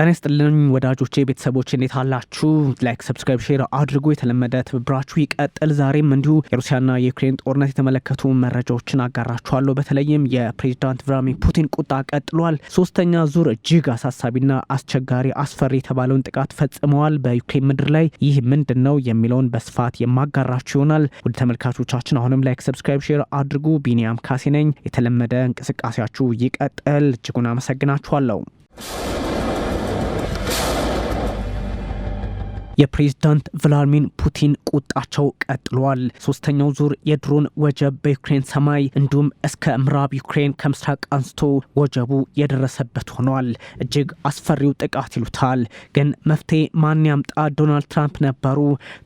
ጤና ይስጥልኝ ወዳጆቼ ቤተሰቦች እንዴት አላችሁ? ላይክ፣ ሰብስክራይብ፣ ሼር አድርጎ የተለመደ ትብብራችሁ ይቀጥል። ዛሬም እንዲሁ የሩሲያና የዩክሬን ጦርነት የተመለከቱ መረጃዎችን አጋራችኋለሁ። በተለይም የፕሬዚዳንት ቭላድሚር ፑቲን ቁጣ ቀጥሏል። ሶስተኛ ዙር እጅግ አሳሳቢና አስቸጋሪ አስፈሪ የተባለውን ጥቃት ፈጽመዋል በዩክሬን ምድር ላይ። ይህ ምንድን ነው የሚለውን በስፋት የማጋራችሁ ይሆናል። ወደ ተመልካቾቻችን አሁንም ላይክ፣ ሰብስክራይብ፣ ሼር አድርጉ። ቢኒያም ካሴ ነኝ። የተለመደ እንቅስቃሴያችሁ ይቀጥል። እጅጉን አመሰግናችኋለሁ። Yeah. የፕሬዝዳንት ቭላድሚር ፑቲን ቁጣቸው ቀጥሏል። ሶስተኛው ዙር የድሮን ወጀብ በዩክሬን ሰማይ እንዲሁም እስከ ምዕራብ ዩክሬን ከምስራቅ አንስቶ ወጀቡ የደረሰበት ሆኗል። እጅግ አስፈሪው ጥቃት ይሉታል። ግን መፍትሄ ማን ያምጣ ዶናልድ ትራምፕ ነበሩ።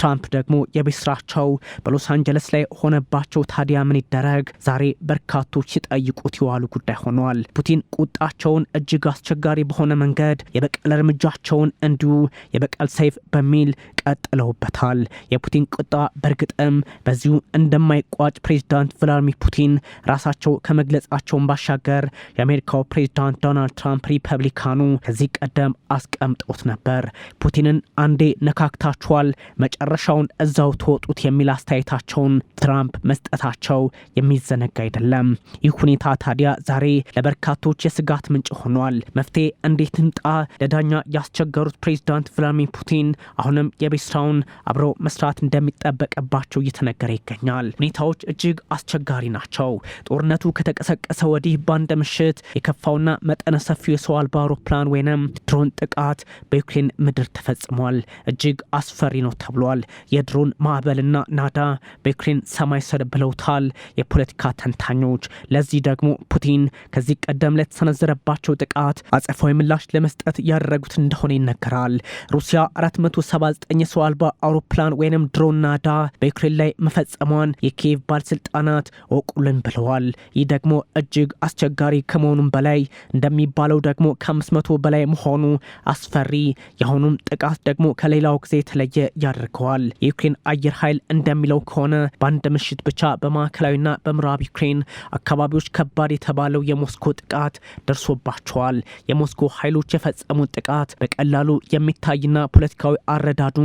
ትራምፕ ደግሞ የቤት ስራቸው በሎስ አንጀለስ ላይ ሆነባቸው። ታዲያ ምን ይደረግ? ዛሬ በርካቶች ሲጠይቁት የዋሉ ጉዳይ ሆኗል። ፑቲን ቁጣቸውን እጅግ አስቸጋሪ በሆነ መንገድ የበቀል እርምጃቸውን እንዲሁ የበቀል ሰይፍ በሚ جميل ቀጥለውበታል። የፑቲን ቁጣ በእርግጥም በዚሁ እንደማይቋጭ ፕሬዚዳንት ቭላድሚር ፑቲን ራሳቸው ከመግለጻቸውን ባሻገር የአሜሪካው ፕሬዚዳንት ዶናልድ ትራምፕ ሪፐብሊካኑ ከዚህ ቀደም አስቀምጠውት ነበር። ፑቲንን አንዴ ነካክታችኋል፣ መጨረሻውን እዛው ተወጡት የሚል አስተያየታቸውን ትራምፕ መስጠታቸው የሚዘነጋ አይደለም። ይህ ሁኔታ ታዲያ ዛሬ ለበርካቶች የስጋት ምንጭ ሆኗል። መፍትሄ እንዴት እንጣ ለዳኛ ያስቸገሩት ፕሬዚዳንት ቭላድሚር ፑቲን አሁንም ቀሪ አብሮ መስራት እንደሚጠበቅባቸው እየተነገረ ይገኛል። ሁኔታዎች እጅግ አስቸጋሪ ናቸው። ጦርነቱ ከተቀሰቀሰ ወዲህ ባንድ ምሽት የከፋውና መጠነ ሰፊው የሰው አልባ አውሮፕላን ወይም ድሮን ጥቃት በዩክሬን ምድር ተፈጽሟል። እጅግ አስፈሪ ነው ተብሏል። የድሮን ማዕበልና ናዳ በዩክሬን ሰማይ ስር ብለውታል የፖለቲካ ተንታኞች። ለዚህ ደግሞ ፑቲን ከዚህ ቀደም ለተሰነዘረባቸው ጥቃት አጸፋዊ ምላሽ ለመስጠት ያደረጉት እንደሆነ ይነገራል። ሩሲያ 479 ሰው አልባ አውሮፕላን ወይንም ድሮን ናዳ በዩክሬን ላይ መፈጸሟን የኪየቭ ባለስልጣናት ወቁልን ብለዋል። ይህ ደግሞ እጅግ አስቸጋሪ ከመሆኑም በላይ እንደሚባለው ደግሞ ከአምስት መቶ በላይ መሆኑ አስፈሪ፣ የአሁኑም ጥቃት ደግሞ ከሌላው ጊዜ የተለየ ያደርገዋል። የዩክሬን አየር ኃይል እንደሚለው ከሆነ በአንድ ምሽት ብቻ በማዕከላዊና በምዕራብ ዩክሬን አካባቢዎች ከባድ የተባለው የሞስኮ ጥቃት ደርሶባቸዋል። የሞስኮ ኃይሎች የፈጸሙት ጥቃት በቀላሉ የሚታይና ፖለቲካዊ አረዳዱ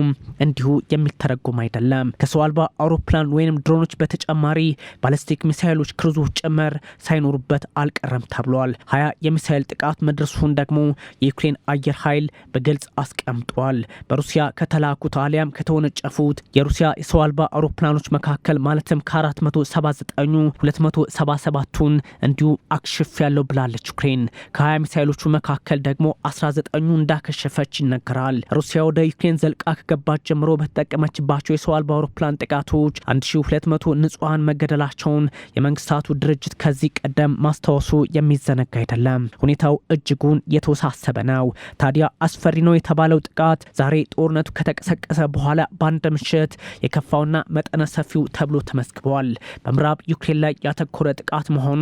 እንዲሁ የሚተረጎም አይደለም። ከሰው አልባ አውሮፕላን ወይም ድሮኖች በተጨማሪ ባለስቲክ ሚሳይሎች ክርዞች ጭምር ሳይኖሩበት አልቀረም ተብሏል። ሀያ የሚሳይል ጥቃት መድረሱን ደግሞ የዩክሬን አየር ኃይል በግልጽ አስቀምጧል። በሩሲያ ከተላኩት አሊያም ከተወነጨፉት የሩሲያ የሰው አልባ አውሮፕላኖች መካከል ማለትም ከ479ኙ 277ቱን እንዲሁ አክሽፍ ያለው ብላለች ዩክሬን። ከ20 ሚሳይሎቹ መካከል ደግሞ 19ኙ እንዳከሸፈች ይነገራል። ሩሲያ ወደ ዩክሬን ዘልቃ ካስገባት ጀምሮ በተጠቀመችባቸው የሰው አልባ አውሮፕላን ጥቃቶች 1200 ንጹሐን መገደላቸውን የመንግስታቱ ድርጅት ከዚህ ቀደም ማስታወሱ የሚዘነጋ አይደለም። ሁኔታው እጅጉን የተወሳሰበ ነው። ታዲያ አስፈሪ ነው የተባለው ጥቃት ዛሬ ጦርነቱ ከተቀሰቀሰ በኋላ በአንድ ምሽት የከፋውና መጠነ ሰፊው ተብሎ ተመዝግቧል። በምዕራብ ዩክሬን ላይ ያተኮረ ጥቃት መሆኑ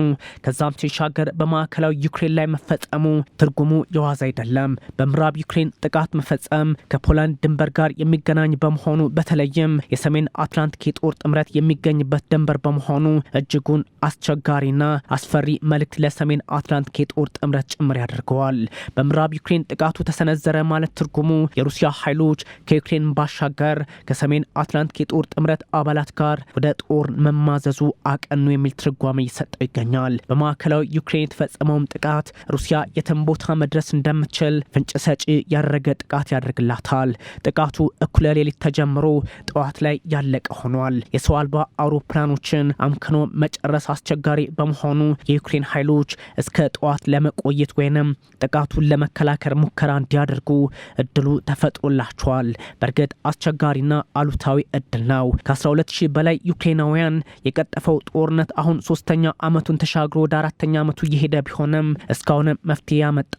ከዛም ሲሻገር በማዕከላዊ ዩክሬን ላይ መፈጸሙ ትርጉሙ የዋዛ አይደለም። በምዕራብ ዩክሬን ጥቃት መፈጸም ከፖላንድ ድንበር ጋር የሚገናኝ በመሆኑ በተለይም የሰሜን አትላንቲክ የጦር ጥምረት የሚገኝበት ድንበር በመሆኑ እጅጉን አስቸጋሪና አስፈሪ መልእክት ለሰሜን አትላንቲክ የጦር ጥምረት ጭምር ያደርገዋል። በምዕራብ ዩክሬን ጥቃቱ ተሰነዘረ ማለት ትርጉሙ የሩሲያ ኃይሎች ከዩክሬን ባሻገር ከሰሜን አትላንቲክ የጦር ጥምረት አባላት ጋር ወደ ጦር መማዘዙ አቀኑ የሚል ትርጓሜ ይሰጠው ይገኛል። በማዕከላዊ ዩክሬን የተፈጸመውም ጥቃት ሩሲያ የትም ቦታ መድረስ እንደምትችል ፍንጭ ሰጪ ያደረገ ጥቃት ያደርግላታል። ጥቃቱ እኩለ ሌሊት ተጀምሮ ጠዋት ላይ ያለቀ ሆኗል። የሰው አልባ አውሮፕላኖችን አምክኖ መጨረስ አስቸጋሪ በመሆኑ የዩክሬን ኃይሎች እስከ ጠዋት ለመቆየት ወይንም ጥቃቱን ለመከላከል ሙከራ እንዲያደርጉ እድሉ ተፈጥሮላቸዋል። በእርግጥ አስቸጋሪና አሉታዊ እድል ነው። ከ12 ሺህ በላይ ዩክሬናውያን የቀጠፈው ጦርነት አሁን ሶስተኛ ዓመቱን ተሻግሮ ወደ አራተኛ ዓመቱ እየሄደ ቢሆንም እስካሁን መፍትሄ ያመጣ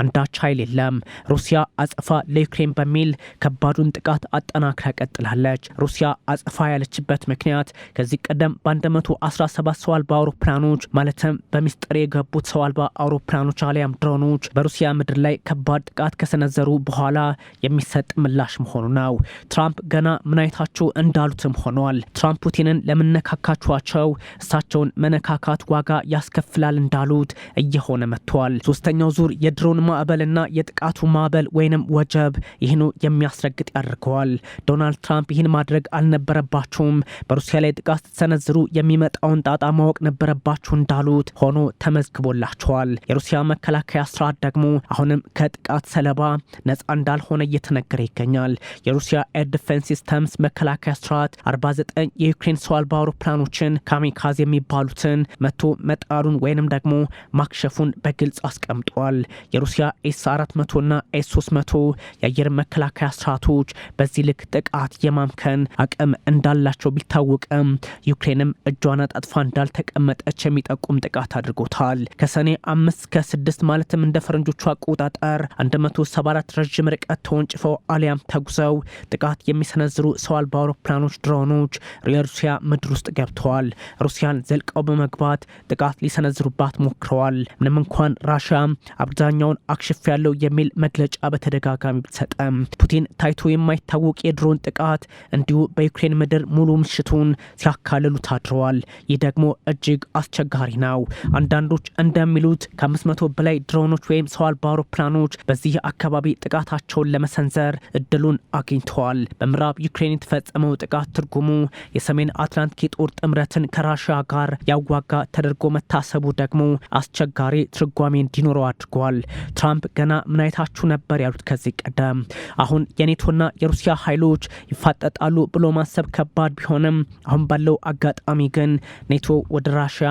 አንዳች ኃይል የለም። ሩሲያ አጸፋ ለዩክሬን በሚል ከባዱን የምታደርሰውን ጥቃት አጠናክራ ቀጥላለች። ሩሲያ አጽፋ ያለችበት ምክንያት ከዚህ ቀደም በ117 ሰው አልባ አውሮፕላኖች ማለትም በሚስጥር የገቡት ሰው አልባ አውሮፕላኖች አሊያም ድሮኖች በሩሲያ ምድር ላይ ከባድ ጥቃት ከሰነዘሩ በኋላ የሚሰጥ ምላሽ መሆኑ ነው። ትራምፕ ገና ምን አይታችሁ እንዳሉትም ሆኗል። ትራምፕ ፑቲንን ለምነካካችኋቸው እሳቸውን መነካካት ዋጋ ያስከፍላል እንዳሉት እየሆነ መጥቷል። ሶስተኛው ዙር የድሮን ማዕበልና የጥቃቱ ማዕበል ወይንም ወጀብ ይህኑ የሚያስረግጥ አድርገዋል። ዶናልድ ትራምፕ ይህን ማድረግ አልነበረባቸውም በሩሲያ ላይ ጥቃት ስትሰነዝሩ የሚመጣውን ጣጣ ማወቅ ነበረባቸው እንዳሉት ሆኖ ተመዝግቦላቸዋል። የሩሲያ መከላከያ ስርዓት ደግሞ አሁንም ከጥቃት ሰለባ ነጻ እንዳልሆነ እየተነገረ ይገኛል። የሩሲያ ኤር ዲፌንስ ሲስተምስ መከላከያ ስርዓት 49 የዩክሬን ሰው አልባ አውሮፕላኖችን ካሚካዝ የሚባሉትን መቶ መጣሉን ወይንም ደግሞ ማክሸፉን በግልጽ አስቀምጧል። የሩሲያ ኤስ 400 እና ኤስ 300 የአየር መከላከያ ስርዓቶች ሀገሮች በዚህ ልክ ጥቃት የማምከን አቅም እንዳላቸው ቢታወቅም ዩክሬንም እጇን አጣጥፋ እንዳልተቀመጠች የሚጠቁም ጥቃት አድርጎታል። ከሰኔ አምስት ከስድስት ማለትም እንደ ፈረንጆቹ አቆጣጠር 174 ረዥም ርቀት ተወንጭፈው አሊያም ተጉዘው ጥቃት የሚሰነዝሩ ሰው አልባ አውሮፕላኖች ድሮኖች የሩሲያ ምድር ውስጥ ገብተዋል። ሩሲያን ዘልቀው በመግባት ጥቃት ሊሰነዝሩባት ሞክረዋል። ምንም እንኳን ራሽያ አብዛኛውን አክሽፍ ያለው የሚል መግለጫ በተደጋጋሚ ብትሰጠም ፑቲን ታይቶ የማይታወቅ የድሮን ጥቃት እንዲሁ በዩክሬን ምድር ሙሉ ምሽቱን ሲያካልሉ ታድረዋል። ይህ ደግሞ እጅግ አስቸጋሪ ነው። አንዳንዶች እንደሚሉት ከ500 በላይ ድሮኖች ወይም ሰው አልባ አውሮፕላኖች በዚህ አካባቢ ጥቃታቸውን ለመሰንዘር እድሉን አግኝተዋል። በምዕራብ ዩክሬን የተፈጸመው ጥቃት ትርጉሙ የሰሜን አትላንቲክ የጦር ጥምረትን ከራሽያ ጋር ያዋጋ ተደርጎ መታሰቡ ደግሞ አስቸጋሪ ትርጓሜ እንዲኖረው አድርጓል። ትራምፕ ገና ምን አይታችሁ ነበር ያሉት ከዚህ ቀደም አሁን የኔቶ የቻይናና የሩሲያ ኃይሎች ይፋጠጣሉ ብሎ ማሰብ ከባድ ቢሆንም አሁን ባለው አጋጣሚ ግን ኔቶ ወደ ራሽያ፣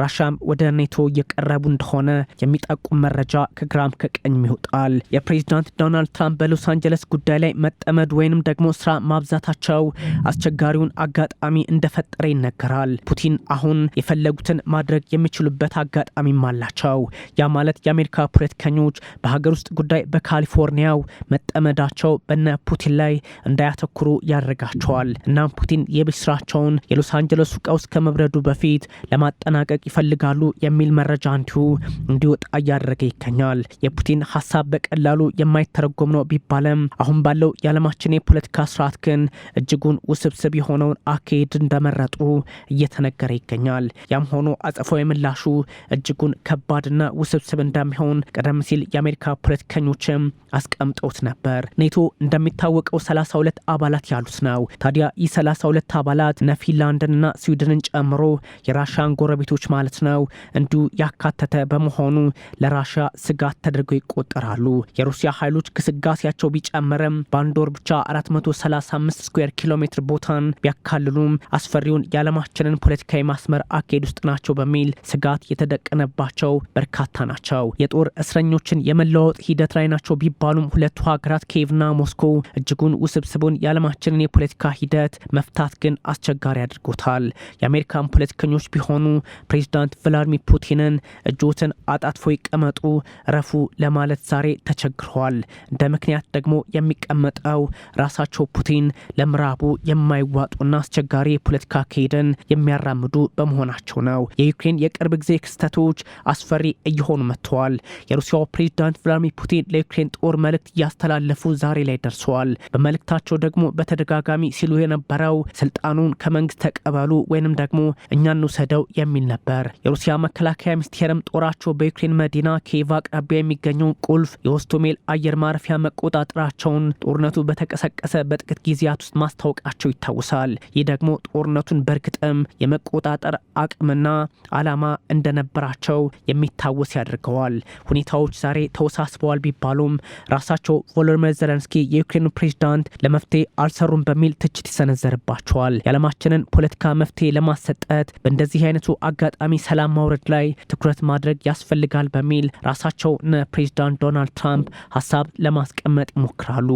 ራሽያ ወደ ኔቶ እየቀረቡ እንደሆነ የሚጠቁም መረጃ ከግራም ከቀኝም ይወጣል። የፕሬዚዳንት ዶናልድ ትራምፕ በሎስ አንጀለስ ጉዳይ ላይ መጠመድ ወይንም ደግሞ ስራ ማብዛታቸው አስቸጋሪውን አጋጣሚ እንደፈጠረ ይነገራል። ፑቲን አሁን የፈለጉትን ማድረግ የሚችሉበት አጋጣሚም አላቸው። ያ ማለት የአሜሪካ ፖለቲከኞች በሀገር ውስጥ ጉዳይ በካሊፎርኒያው መጠመዳቸው በነ ፑቲን ላይ እንዳያተኩሩ ያደርጋቸዋል። እናም ፑቲን የቤት ስራቸውን የሎስ አንጀለሱ ቀውስ ከመብረዱ በፊት ለማጠናቀቅ ይፈልጋሉ የሚል መረጃ እንዲሁ እንዲወጣ እያደረገ ይገኛል። የፑቲን ሀሳብ በቀላሉ የማይተረጎም ነው ቢባለም አሁን ባለው የዓለማችን የፖለቲካ ስርዓት ግን እጅጉን ውስብስብ የሆነውን አካሄድ እንደመረጡ እየተነገረ ይገኛል። ያም ሆኖ አጸፋዊ ምላሹ እጅጉን ከባድና ውስብስብ እንደሚሆን ቀደም ሲል የአሜሪካ ፖለቲከኞችም አስቀምጠውት ነበር። ኔቶ እንደሚ የሚታወቀው 32 አባላት ያሉት ነው። ታዲያ ይህ 32 አባላት እነ ፊንላንድንና ስዊድንን ጨምሮ የራሻን ጎረቤቶች ማለት ነው እንዲሁ ያካተተ በመሆኑ ለራሻ ስጋት ተደርገው ይቆጠራሉ። የሩሲያ ኃይሎች ግስጋሴያቸው ቢጨምርም በአንድ ወር ብቻ 435 ስኩዌር ኪሎ ሜትር ቦታን ቢያካልሉም አስፈሪውን የዓለማችንን ፖለቲካዊ ማስመር አካሄድ ውስጥ ናቸው በሚል ስጋት የተደቀነባቸው በርካታ ናቸው። የጦር እስረኞችን የመለዋወጥ ሂደት ላይ ናቸው ቢባሉም ሁለቱ ሀገራት ኪየቭና ሞስኮ እጅጉን ውስብስቡን የዓለማችንን የፖለቲካ ሂደት መፍታት ግን አስቸጋሪ አድርጎታል። የአሜሪካን ፖለቲከኞች ቢሆኑ ፕሬዚዳንት ቭላድሚር ፑቲንን እጆትን አጣጥፎ ይቀመጡ ረፉ ለማለት ዛሬ ተቸግረዋል። እንደ ምክንያት ደግሞ የሚቀመጠው ራሳቸው ፑቲን ለምዕራቡ የማይዋጡና አስቸጋሪ የፖለቲካ አካሄድን የሚያራምዱ በመሆናቸው ነው። የዩክሬን የቅርብ ጊዜ ክስተቶች አስፈሪ እየሆኑ መጥተዋል። የሩሲያው ፕሬዚዳንት ቭላድሚር ፑቲን ለዩክሬን ጦር መልእክት እያስተላለፉ ዛሬ ላይ ደርሰዋል። አድርገዋል። በመልእክታቸው ደግሞ በተደጋጋሚ ሲሉ የነበረው ስልጣኑን ከመንግስት ተቀበሉ ወይንም ደግሞ እኛ እንውሰደው የሚል ነበር። የሩሲያ መከላከያ ሚኒስቴርም ጦራቸው በዩክሬን መዲና ኬቫ አቅራቢያ የሚገኘው ቁልፍ የሆስቶሜል አየር ማረፊያ መቆጣጠራቸውን ጦርነቱ በተቀሰቀሰ በጥቂት ጊዜያት ውስጥ ማስታወቃቸው ይታወሳል። ይህ ደግሞ ጦርነቱን በእርግጥም የመቆጣጠር አቅምና አላማ እንደነበራቸው የሚታወስ ያደርገዋል። ሁኔታዎች ዛሬ ተወሳስበዋል ቢባሉም ራሳቸው ቮሎድሚር ዘለንስኪ የዩክሬን የፋኖ ፕሬዚዳንት ለመፍትሄ አልሰሩም በሚል ትችት ይሰነዘርባቸዋል። የዓለማችንን ፖለቲካ መፍትሄ ለማሰጠት በእንደዚህ አይነቱ አጋጣሚ ሰላም ማውረድ ላይ ትኩረት ማድረግ ያስፈልጋል በሚል ራሳቸው ነ ፕሬዚዳንት ዶናልድ ትራምፕ ሀሳብ ለማስቀመጥ ይሞክራሉ።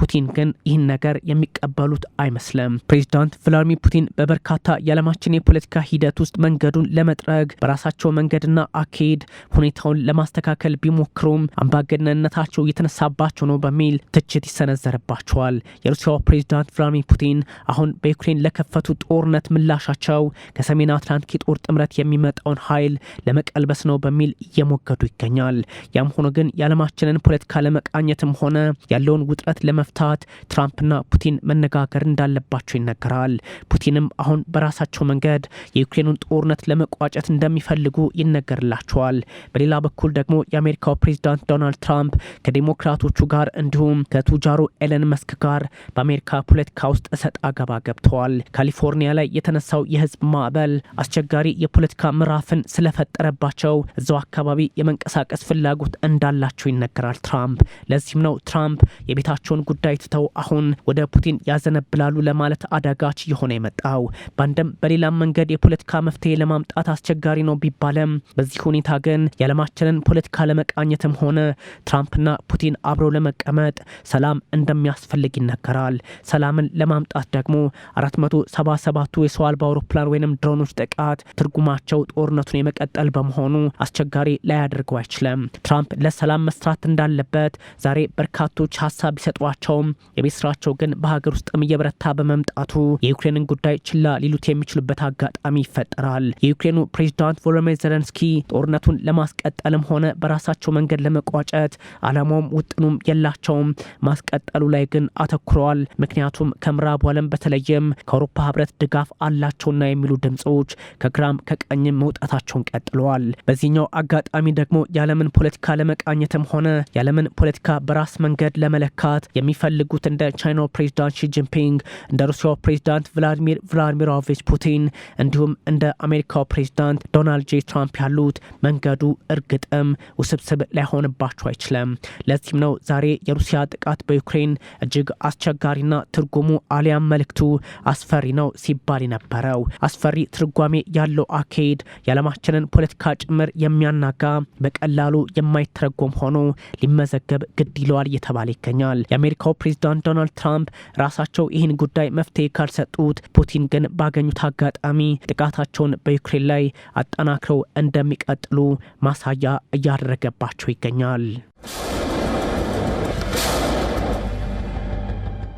ፑቲን ግን ይህን ነገር የሚቀበሉት አይመስልም። ፕሬዚዳንት ቭላድሚር ፑቲን በበርካታ የዓለማችን የፖለቲካ ሂደት ውስጥ መንገዱን ለመጥረግ በራሳቸው መንገድና አካሄድ ሁኔታውን ለማስተካከል ቢሞክሩም አምባገነንነታቸው የተነሳባቸው ነው በሚል ትችት ይሰነዘራል ይቀርባቸዋል። የሩሲያው ፕሬዚዳንት ቭላዲሚር ፑቲን አሁን በዩክሬን ለከፈቱ ጦርነት ምላሻቸው ከሰሜን አትላንቲክ የጦር ጥምረት የሚመጣውን ኃይል ለመቀልበስ ነው በሚል እየሞገዱ ይገኛል። ያም ሆኖ ግን የዓለማችንን ፖለቲካ ለመቃኘትም ሆነ ያለውን ውጥረት ለመፍታት ትራምፕና ፑቲን መነጋገር እንዳለባቸው ይነገራል። ፑቲንም አሁን በራሳቸው መንገድ የዩክሬኑን ጦርነት ለመቋጨት እንደሚፈልጉ ይነገርላቸዋል። በሌላ በኩል ደግሞ የአሜሪካው ፕሬዚዳንት ዶናልድ ትራምፕ ከዴሞክራቶቹ ጋር እንዲሁም ከቱጃሩ ኤለን መስክ ጋር በአሜሪካ ፖለቲካ ውስጥ እሰጥ አገባ ገብተዋል። ካሊፎርኒያ ላይ የተነሳው የህዝብ ማዕበል አስቸጋሪ የፖለቲካ ምዕራፍን ስለፈጠረባቸው እዛው አካባቢ የመንቀሳቀስ ፍላጎት እንዳላቸው ይነገራል ትራምፕ። ለዚህም ነው ትራምፕ የቤታቸውን ጉዳይ ትተው አሁን ወደ ፑቲን ያዘነብላሉ ለማለት አዳጋች የሆነ የመጣው። በአንድም በሌላም መንገድ የፖለቲካ መፍትሄ ለማምጣት አስቸጋሪ ነው ቢባለም በዚህ ሁኔታ ግን የዓለማችንን ፖለቲካ ለመቃኘትም ሆነ ትራምፕና ፑቲን አብረው ለመቀመጥ ሰላም እንደሚያስፈልግ ይነገራል። ሰላምን ለማምጣት ደግሞ 477ቱ የሰው አልባ አውሮፕላን ወይም ድሮኖች ጥቃት ትርጉማቸው ጦርነቱን የመቀጠል በመሆኑ አስቸጋሪ ላያደርገው አይችልም። ትራምፕ ለሰላም መስራት እንዳለበት ዛሬ በርካቶች ሀሳብ ቢሰጧቸውም የቤት ስራቸው ግን በሀገር ውስጥም እየበረታ በመምጣቱ የዩክሬንን ጉዳይ ችላ ሊሉት የሚችሉበት አጋጣሚ ይፈጠራል። የዩክሬኑ ፕሬዚዳንት ቮሎዲሚር ዘለንስኪ ጦርነቱን ለማስቀጠልም ሆነ በራሳቸው መንገድ ለመቋጨት አላማውም ውጥኑም የላቸውም ማስቀጠል መቀጠሉ ላይ ግን አተኩረዋል። ምክንያቱም ከምዕራቡ ዓለም በተለይም ከአውሮፓ ህብረት ድጋፍ አላቸውና የሚሉ ድምፆች ከግራም ከቀኝም መውጣታቸውን ቀጥለዋል። በዚህኛው አጋጣሚ ደግሞ የዓለምን ፖለቲካ ለመቃኘትም ሆነ የዓለምን ፖለቲካ በራስ መንገድ ለመለካት የሚፈልጉት እንደ ቻይናው ፕሬዚዳንት ሺጂንፒንግ፣ እንደ ሩሲያው ፕሬዚዳንት ቭላዲሚር ቭላዲሚሮቪች ፑቲን እንዲሁም እንደ አሜሪካው ፕሬዚዳንት ዶናልድ ጄ ትራምፕ ያሉት መንገዱ እርግጥም ውስብስብ ላይሆንባቸው አይችልም። ለዚህም ነው ዛሬ የሩሲያ ጥቃት በዩክሬን ዩክሬን እጅግ አስቸጋሪና ትርጉሙ አሊያም መልእክቱ አስፈሪ ነው ሲባል የነበረው አስፈሪ ትርጓሜ ያለው አካሄድ የዓለማችንን ፖለቲካ ጭምር የሚያናጋ በቀላሉ የማይተረጎም ሆኖ ሊመዘገብ ግድ ይለዋል እየተባለ ይገኛል። የአሜሪካው ፕሬዚዳንት ዶናልድ ትራምፕ ራሳቸው ይህን ጉዳይ መፍትሄ ካልሰጡት ፑቲን ግን ባገኙት አጋጣሚ ጥቃታቸውን በዩክሬን ላይ አጠናክረው እንደሚቀጥሉ ማሳያ እያደረገባቸው ይገኛል።